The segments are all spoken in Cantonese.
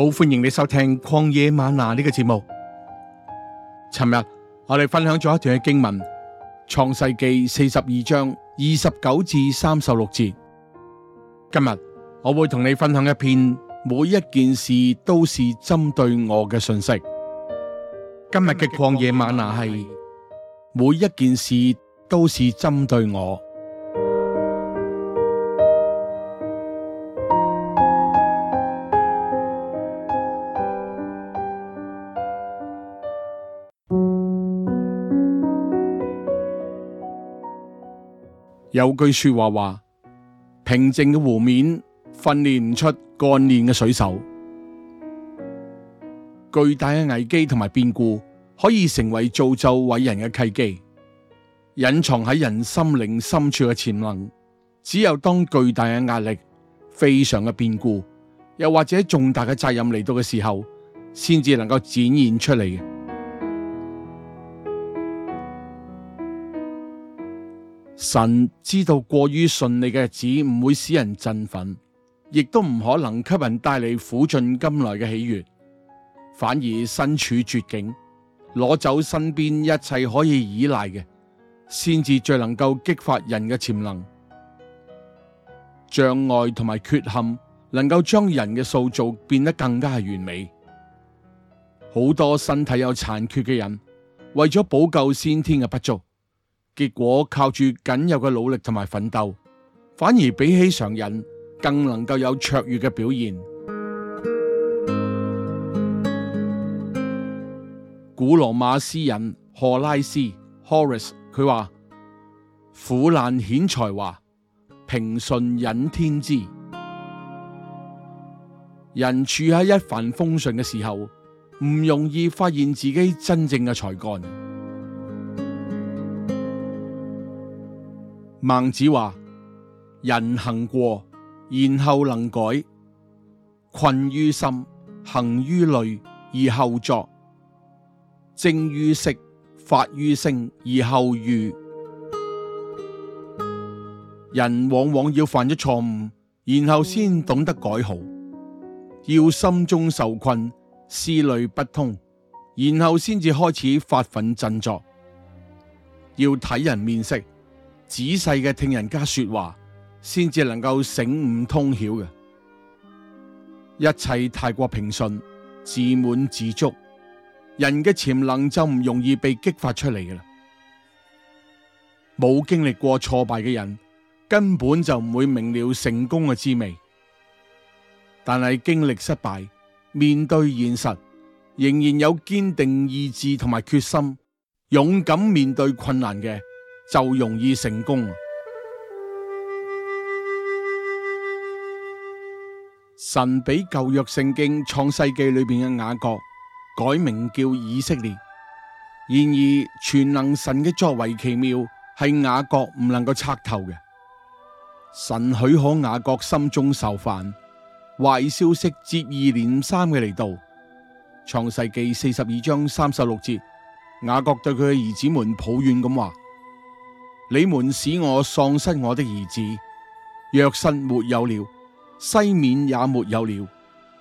好，歡迎你收聽曠野嗎哪呢個節目。尋日我哋分享咗一段嘅經文，《創世記》四十二章二十九至三十六節。今日我會同你分享一篇，每一件事都是針對我嘅信息。今日嘅曠野嗎哪係每一件事都是針對我。有句說話話：平靜嘅湖面訓練唔出幹練嘅水手。巨大嘅危機同埋變故可以成為造就偉人嘅契機。隱藏喺人心靈深處嘅潛能，只有當巨大嘅壓力、非常嘅變故，又或者重大嘅責任嚟到嘅時候，先至能夠展現出嚟嘅。神知道過於順利嘅日子唔會使人振奮，亦都唔可能給人帶嚟苦盡甘來嘅喜悦。反而身處絕境，攞走身邊一切可以依賴嘅，先至最能夠激發人嘅潛能。障礙同埋缺陷，能夠將人嘅塑造變得更加係完美。好多身體有殘缺嘅人，為咗補救先天嘅不足。結果靠住僅有嘅努力同埋奮鬥，反而比起常人更能夠有卓越嘅表現。古羅馬詩人荷拉斯 （Horace） 佢話：苦難顯才華，平順隱天資。人處喺一帆風順嘅時候，唔容易發現自己真正嘅才幹。孟子話：人行過，然後能改；困於心，行於慮，而後作；正於色，發於聲，而後喻。人往往要犯咗錯誤，然後先懂得改好；要心中受困，思慮不通，然後先至開始發奮振作；要睇人面色。仔細嘅聽人家說話，先至能夠醒悟通曉嘅。一切太過平順、自滿自足，人嘅潛能就唔容易被激發出嚟嘅啦。冇經歷過挫敗嘅人，根本就唔會明了成功嘅滋味。但係經歷失敗，面對現實，仍然有堅定意志同埋決心，勇敢面對困難嘅，就容易成功。神俾舊約聖經創世記裏邊嘅雅各改名叫以色列。然而全能神嘅作為奇妙，係雅各唔能夠測透嘅。神許可雅各心中受煩，壞消息接二連三嘅嚟到。創世記四十二章三十六節，雅各對佢嘅兒子們抱怨咁話。你們使我喪失我的兒子，約瑟沒有了，西緬也沒有了，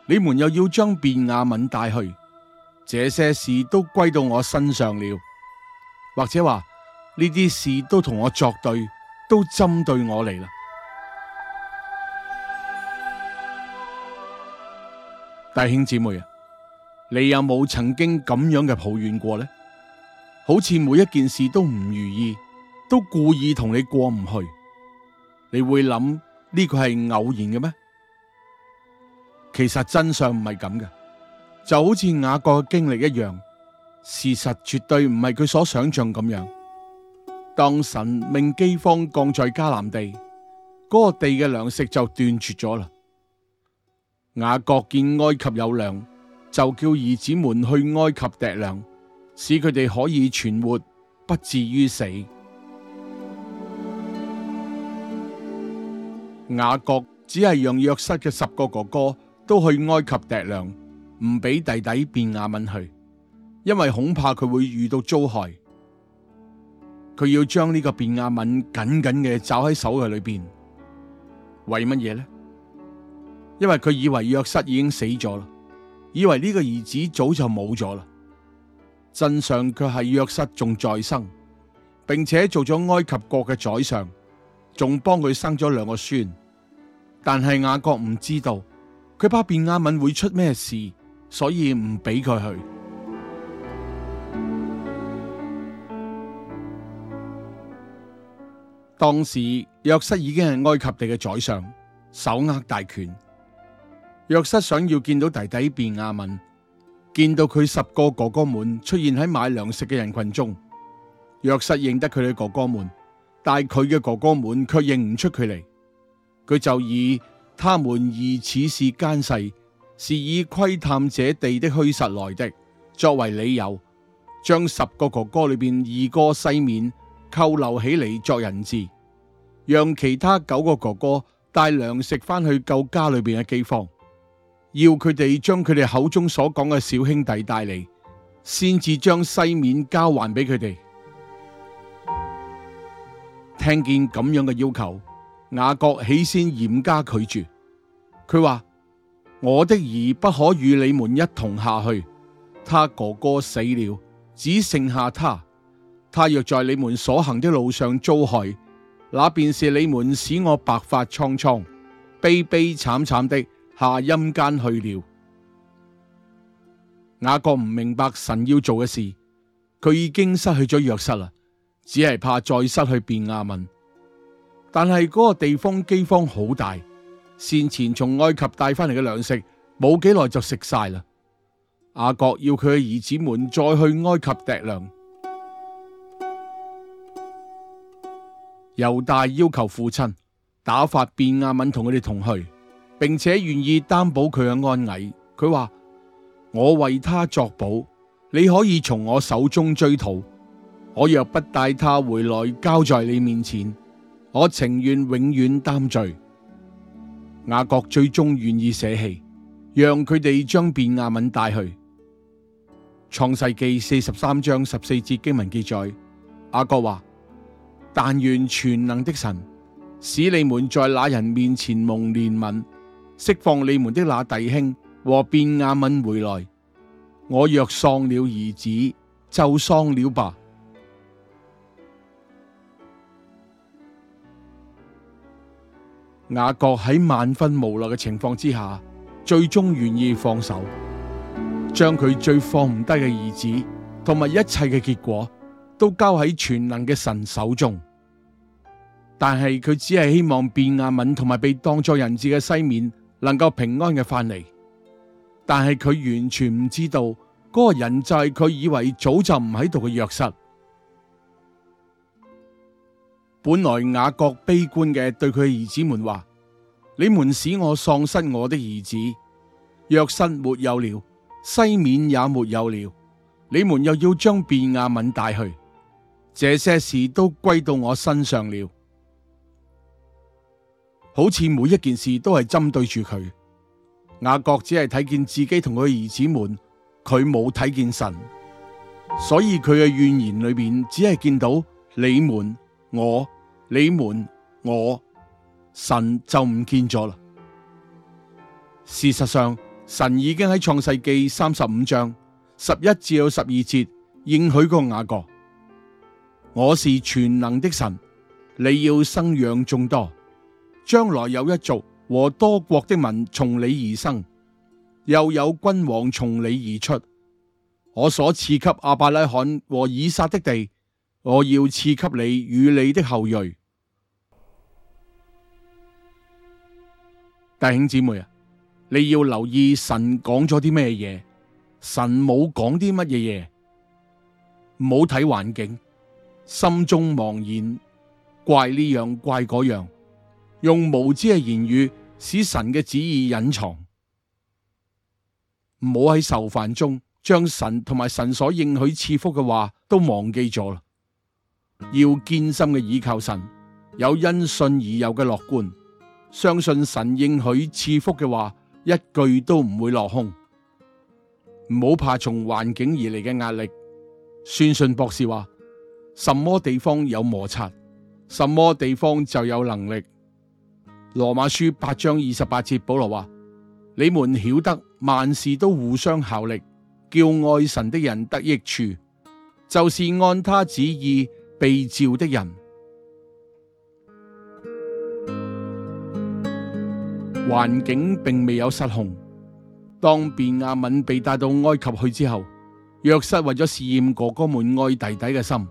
你們又要將便雅憫帶去，這些事都歸到我身上了，或者話呢啲事都同我作對，都針對我嚟啦。弟兄姊妹啊，你有冇曾經咁樣嘅抱怨過呢？好似每一件事都唔如意，都故意同你過唔去，你會諗呢個係偶然嘅咩？其實真相唔係咁嘅，就好似雅各嘅經歷一樣，事實絕對唔係佢所想象咁樣。當神命饑荒降在迦南地，嗰個地嘅糧食就斷絕咗啦。雅各見埃及有糧，就叫兒子們去埃及籴糧，使佢哋可以存活，不至於死。雅各只係讓約瑟嘅十個哥哥都去埃及糴糧，唔俾弟弟便雅憫去，因為恐怕佢會遇到遭害。佢要將呢個便雅憫緊緊嘅抓喺手裏裏邊，為乜嘢呢？因為佢以為約瑟已經死咗啦，以為呢個兒子早就冇咗啦。真相卻係約瑟仲在生，並且做咗埃及國嘅宰相。仲幫佢生咗兩個孫，但係雅各唔知道，佢怕便雅憫會出咩事，所以唔俾佢去。當時約瑟已經係埃及地嘅宰相，手握大權。約瑟想要見到弟弟便雅憫，見到佢十個哥哥們出現喺買糧食嘅人群中，約瑟認得佢哋哥哥們。但佢嘅哥哥們卻認唔出佢嚟，佢就以他們疑似是奸細，是以窺探這地的虛實來的作為理由，將十個哥哥裏邊二哥西面扣留起嚟，作人質，讓其他九個哥哥帶糧食翻去救家裏邊嘅饑荒，要佢哋將佢哋口中所講嘅小兄弟帶嚟，先至將西面交還俾佢哋。聽見咁樣嘅要求，雅各起先嚴加拒絕。佢話：我的兒不可與你們一同下去。他哥哥死了，只剩下他。他若在你們所行的路上遭害，那便是你們使我白髮蒼蒼、悲悲慘慘,慘的下陰間去了。雅各唔明白神要做嘅事，佢已經失去咗約瑟啦。只係怕再失去便雅憫，但係嗰個地方飢荒好大，先前從埃及帶翻嚟嘅糧食冇幾耐就食晒啦。雅各要佢嘅兒子們再去埃及籴糧。猶大要求父親打發便雅憫同佢哋同去，並且願意擔保佢嘅安危。佢話：我為他作保，你可以從我手中追討。我若不帶他回來交在你面前，我情願永遠擔罪。雅各最終願意捨棄，讓佢哋將便雅憫帶去。創世記四十三章十四節經文記載：雅各話，但願全能的神使你們在那人面前蒙憐憫，釋放你們的那弟兄和便雅憫回來。我若喪了兒子，就喪了吧。雅各喺萬分無奈嘅情況之下，最終願意放手，將佢最放唔低嘅兒子同埋一切嘅結果，都交喺全能嘅神手中。但係佢只係希望便雅憫同埋被當作人質嘅西緬能夠平安嘅翻嚟。但係佢完全唔知道，嗰、那個人就係佢以為早就唔喺度嘅約瑟。本來雅各悲觀嘅，對佢兒子們話：你們使我喪失我的兒子，約瑟沒有了，西緬也沒有了，你們又要將便雅憫帶去，這些事都歸到我身上了，好似每一件事都係針對住佢。雅各只係睇見自己同佢兒子們，佢冇睇見神，所以佢嘅怨言裏面只係見到你們我。你們我神就唔見咗啦。事實上，神已經喺創世記三十五章十一至到十二節應許過雅各：我是全能的神，你要生養眾多，將來有一族和多國的民從你而生，又有君王從你而出。我所賜給亞伯拉罕和以撒的地，我要賜給你與你的後裔。弟兄姊妹啊，你要留意神講咗啲咩嘢，神冇講啲乜嘢嘢，唔好睇環境，心中茫然，怪呢樣怪嗰樣，用無知嘅言語使神嘅旨意隱藏，唔好喺愁煩中將神同埋神所應許賜福嘅話都忘記咗啦，要堅心嘅倚靠神，有因信而有嘅樂觀。相信神應許賜福嘅話，一句都唔會落空。唔好怕從環境而嚟嘅壓力。宣信博士話：什麼地方有摩擦，什麼地方就有能力。羅馬書八章二十八節，保羅話：你們曉得萬事都互相效力，叫愛神的人得益處，就是按他旨意被召的人。環境並未有失控。當便雅憫被帶到埃及去之後，約瑟為咗試驗哥哥們愛弟弟嘅心，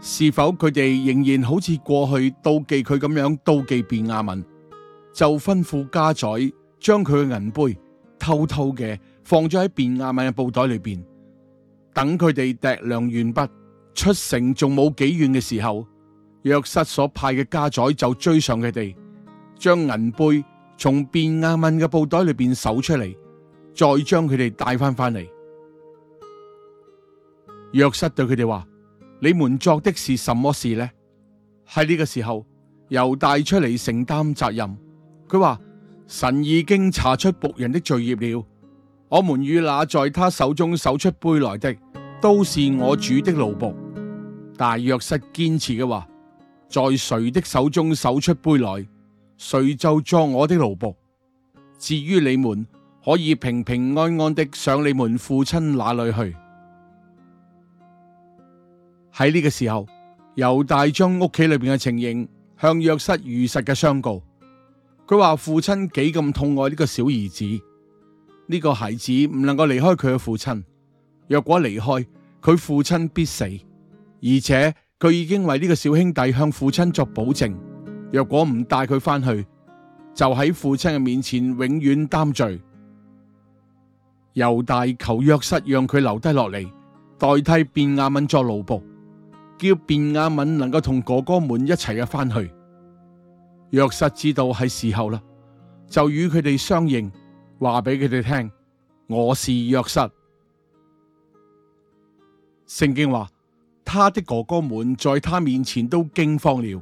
是否佢哋仍然好似過去妒忌佢咁樣妒忌便雅憫，就吩咐家宰將佢嘅銀杯偷偷嘅放咗喺便雅憫嘅布袋裏邊。等佢哋糴糧完畢出城，仲冇幾遠嘅時候，約瑟所派嘅家宰就追上佢哋，將銀杯從便雅憫嘅布袋裏邊搜出嚟，再將佢哋帶翻翻嚟。約瑟對佢哋話：你們作的是什麼事呢？喺呢個時候，猶大出嚟承擔責任。佢話：神已經查出僕人的罪孽了，我們與那在他手中搜出杯來的，都是我主的奴僕。但約瑟堅持嘅話：在誰的手中搜出杯來？誰就作我的奴僕？至於你們，可以平平安安的上你們父親那裡去。喺呢個時候，猶大將屋企裡邊嘅情形向約瑟如實嘅相告。佢話父親幾咁痛愛呢個小兒子，呢、呢個孩子唔能夠離開佢嘅父親。若果離開，佢父親必死。而且佢已經為呢個小兄弟向父親作保證。若果唔帶佢翻去，就喺父親嘅面前永遠擔罪。猶大求約瑟讓佢留低落嚟，代替便雅憫作奴僕，叫便雅憫能夠同哥哥們一齊返翻去。約瑟知道係時候啦，就與佢哋相認，話俾佢哋聽：「我是約瑟」。聖經話，他的哥哥們在他面前都驚慌了。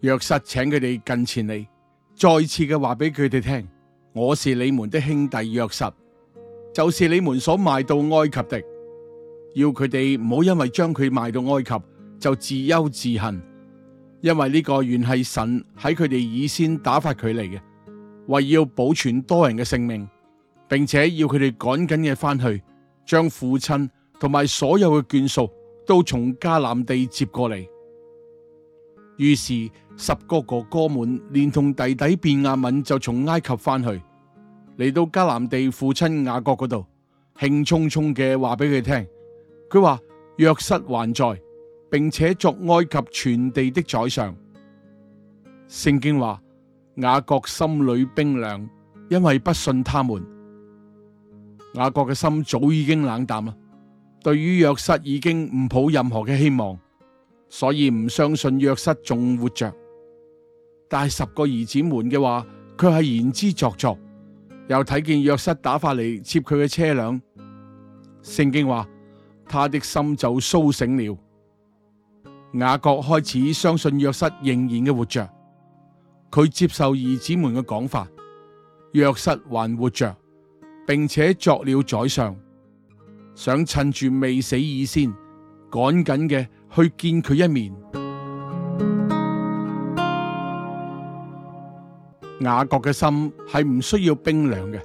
約瑟請佢哋近前嚟，再次嘅話俾佢哋聽，我是你們的兄弟約瑟，就是你們所賣到埃及的，要佢哋唔好因為將佢賣到埃及就自憂自恨，因為呢個原係神喺佢哋以先打發佢嚟嘅，為要保存多人嘅性命，並且要佢哋趕緊嘅翻去，將父親同埋所有嘅眷屬都從迦南地接過嚟。於是。十個哥哥們連同弟弟便雅憫就從埃及翻去，嚟到迦南地父親雅各嗰度，興沖沖嘅話俾佢聽，佢話約瑟還在，並且作埃及全地的宰相。聖經話雅各心裏冰涼，因為不信他們。雅各嘅心早已經冷淡啦，對於約瑟已經唔抱任何嘅希望，所以唔相信約瑟仲活着。但十個兒子們嘅話，佢係言之鑿鑿。又睇見約瑟打發嚟接佢嘅車輛，聖經話，他的心就甦醒了。雅各開始相信約瑟仍然嘅活着。佢接受兒子們嘅講法，約瑟還活着，並且作了宰相，想趁住未死以先，趕緊嘅去見佢一面。雅各嘅心係唔需要冰涼嘅，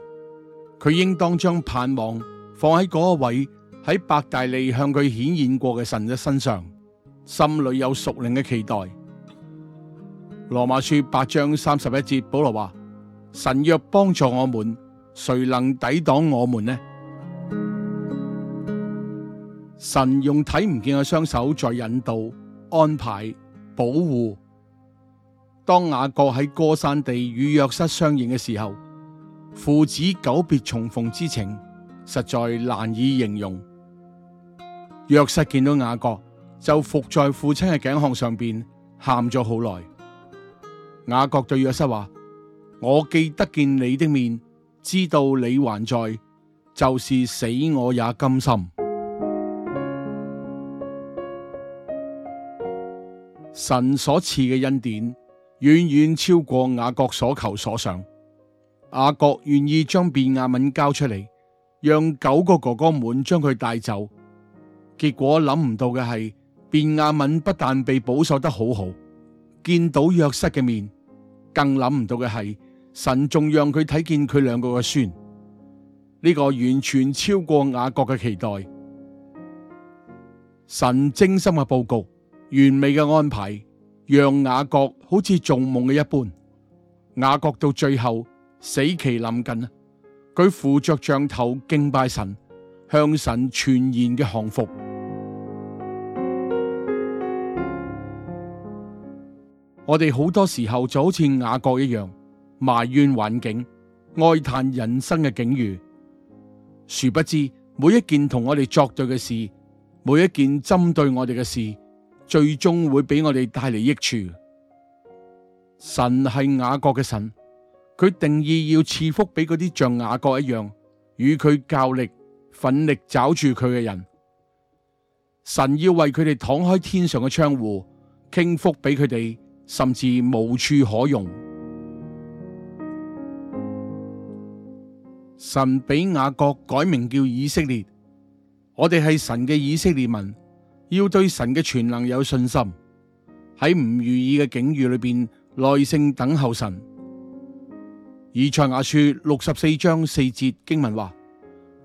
佢應當將盼望放喺嗰位，喺伯特利向佢顯現過嘅神嘅身上，心裏有屬靈嘅期待。羅馬書八章三十一節，保羅話：神若幫助我們，誰能抵擋我們呢？神用睇唔見嘅雙手在引導、安排、保護。當雅各喺歌珊地與約瑟相認嘅時候，父子久別重逢之情實在難以形容。約瑟見到雅各就伏在父親嘅頸項上邊，喊咗好耐。雅各對約瑟話：我既得見你的面，知道你還在，就是死我也甘心。神所賜嘅恩典。遠遠超過雅各所求所想，雅各願意將便雅憫交出嚟，讓九個哥哥們將佢帶走。結果諗唔到嘅係，便雅憫不但被保守得好好，見到約瑟嘅面，更諗唔到嘅係，神仲讓佢睇見佢兩個嘅孫。呢、這個完全超過雅各嘅期待，神精心嘅佈局，完美嘅安排。讓雅各好似做夢嘅一般，雅各到最後死期臨近啦，佢扶着杖頭敬拜神，向神傳言嘅降服。我哋好多時候就好似雅各一樣，埋怨環境，哀嘆人生嘅境遇，殊不知每一件同我哋作對嘅事，每一件針對我哋嘅事，最終會俾我哋帶嚟益處。神係雅各嘅神，佢定意要賜福俾嗰啲像雅各一樣，與佢較力、奮力抓住佢嘅人。神要為佢哋敞開天上嘅窗戶，傾福俾佢哋，甚至無處可容。神俾雅各改名叫以色列，我哋係神嘅以色列民。要對神嘅全能有信心，喺唔如意嘅境遇裏邊，耐性等候神。以賽亞書六十四章四節經文話：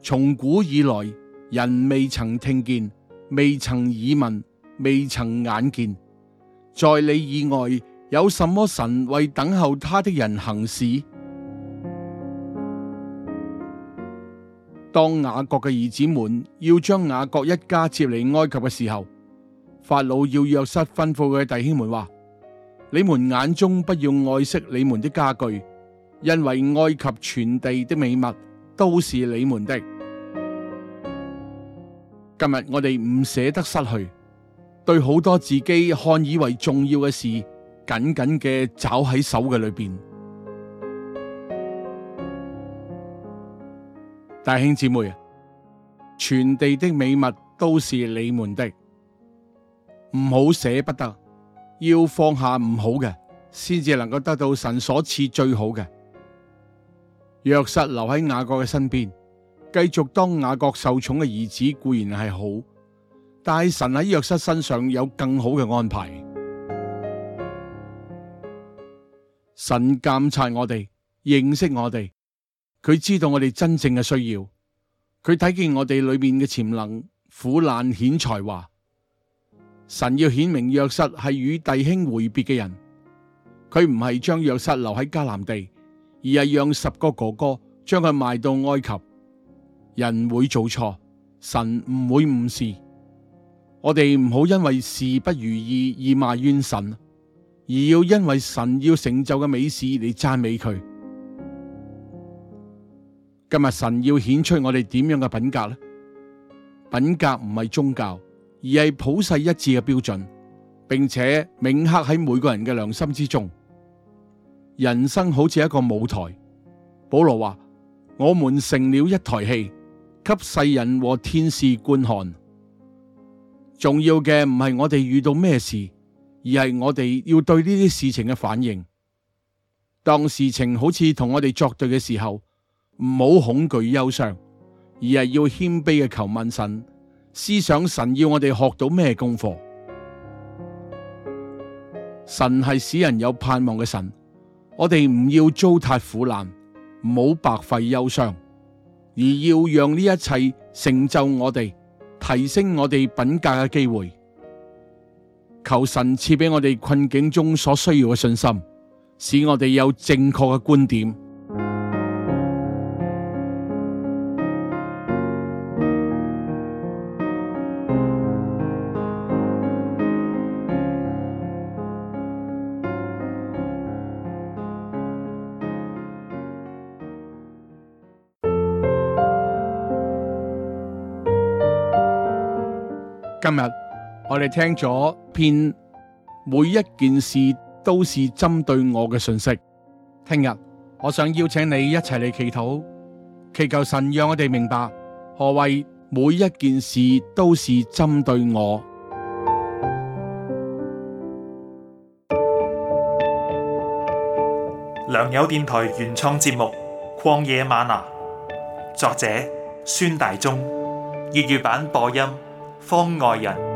從古以來，人未曾聽見，未曾耳聞，未曾眼見，在你以外有什麼神為等候他的人行事？當雅各嘅兒子們要將雅各一家接嚟埃及嘅時候，法老要約瑟吩咐嘅弟兄們話：你們眼中不要愛惜你們的家具，因為埃及全地的美物都是你們的。今日我哋唔捨得失去，對好多自己看以為重要嘅事，緊緊嘅抓喺手嘅裏邊。弟兄姊妹啊，全地的美物都是你們的，唔好捨不得，要放下唔好嘅，先至能夠得到神所賜最好嘅。約瑟留喺雅各嘅身邊，繼續當雅各受寵嘅兒子固然係好，但係神喺約瑟身上有更好嘅安排。神監察我哋，認識我哋。佢知道我哋真正嘅需要，佢睇見我哋裏面嘅潛能、苦難、顯才華。神要顯明約瑟係與弟兄迥別嘅人，佢唔係將約瑟留喺迦南地，而係讓十個哥哥將佢賣到埃及。人會做錯，神唔會誤事。我哋唔好因為事不如意而埋怨神，而要因為神要成就嘅美事嚟讚美佢。今日神要顯出我哋點樣嘅品格呢？品格唔係宗教，而係普世一致嘅標準，並且銘刻喺每個人嘅良心之中。人生好似一個舞台，保羅話：我們成了一台戲，給世人和天使觀看。重要嘅唔係我哋遇到咩事，而係我哋要對呢啲事情嘅反應。當事情好似同我哋作對嘅時候。唔好恐懼憂傷，而係要謙卑嘅求問神，思想神要我哋學到咩功課。神係使人有盼望嘅神，我哋唔要糟蹋苦難，唔好白費憂傷，而要讓呢一切成就我哋，提升我哋品格嘅機會。求神賜俾我哋困境中所需要嘅信心，使我哋有正確嘅觀點。聽咗篇，每一件事都是針對我嘅信息。聽日，我想邀請你一齊嚟祈禱，祈求神讓我哋明白何謂每一件事都是針對我。良友電台原創節目《曠野嗎哪》，作者孫大中，粵語版播音方外人。